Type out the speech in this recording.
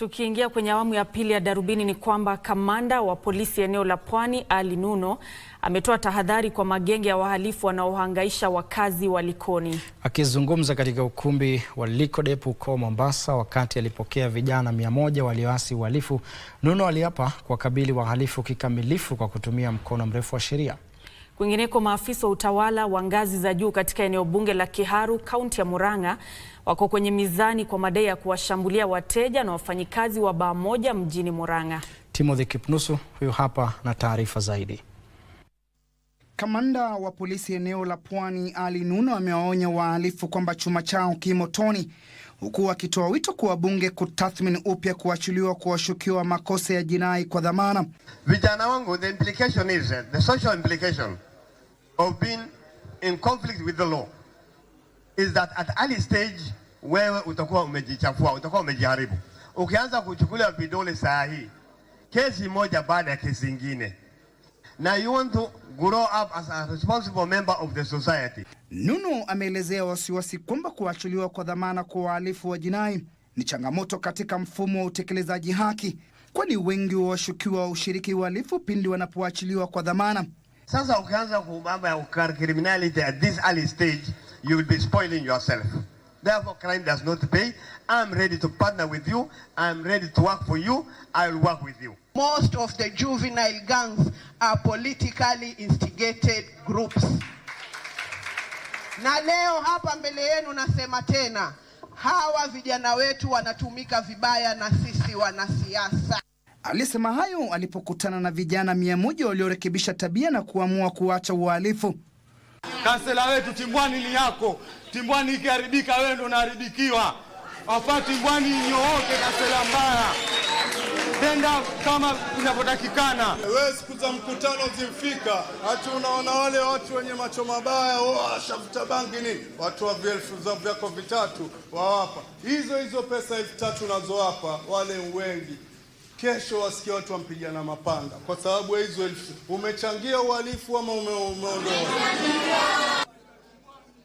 Tukiingia kwenye awamu ya pili ya Darubini ni kwamba kamanda wa polisi eneo la Pwani Ali Nuno ametoa tahadhari kwa magenge ya wahalifu wanaohangaisha wakazi wa Likoni. Akizungumza katika ukumbi wa Likodep huko Mombasa wakati alipokea vijana mia moja walioasi uhalifu, Nuno aliapa kuwakabili wahalifu kikamilifu kwa kutumia mkono mrefu wa sheria. Kwingineko, maafisa wa utawala wa ngazi za juu katika eneo bunge la Kiharu, kaunti ya Murang'a, wako kwenye mizani kwa madai ya kuwashambulia wateja na wafanyikazi wa baa moja mjini Murang'a. Timothy Kipnusu huyu hapa na taarifa zaidi. Kamanda wa polisi eneo la Pwani, Ali Nuno, amewaonya wahalifu kwamba chuma chao kimotoni, huku akitoa wito kwa wabunge kutathmini upya kuachiliwa kwa washukiwa makosa ya jinai kwa dhamana. Vijana wangu, the implication is the social implication of being in conflict with the law is that at early stage wewe utakuwa umejichafua, utakuwa umejiharibu. Ukianza kuchukulia vidole saa hii, kesi moja baada ya kesi nyingine, na you want to grow up as a responsible member of the society. Nunu ameelezea wasiwasi kwamba kuachiliwa kwa dhamana kwa wahalifu wa jinai ni changamoto katika mfumo wa utekelezaji haki, kwani wengi wa washukiwa wa ushiriki uhalifu pindi wanapoachiliwa kwa dhamana. Sasa ukianza kumamba ya ukar criminality at this early stage, you will be spoiling yourself. Therefore, crime does not pay. I'm ready to partner with you. I'm ready to work for you. I will work with you. Most of the juvenile gangs are politically instigated groups. Na leo hapa mbele yenu nasema tena, hawa vijana wetu wanatumika vibaya na sisi wanasiasa. Alisema hayo alipokutana na vijana mia moja waliorekebisha tabia na kuamua kuacha uhalifu. Kansela wetu Timbwani ni yako. Timbwani ikiharibika, wewe ndo unaharibikiwa. Hapa Timbwani nyoote, kansela mbaya, tenda kama inavyotakikana. Wewe siku za mkutano zimfika, hata unaona wale watu wenye macho mabaya, washavuta oh, bangi ni watu wa elfu vyako vitatu wawapa hizo hizo pesa elfu tatu unazowapa wale wengi kesho wasikia watu wampigana mapanga kwa sababu ya hizo elfu. Umechangia uhalifu ama umeondoa?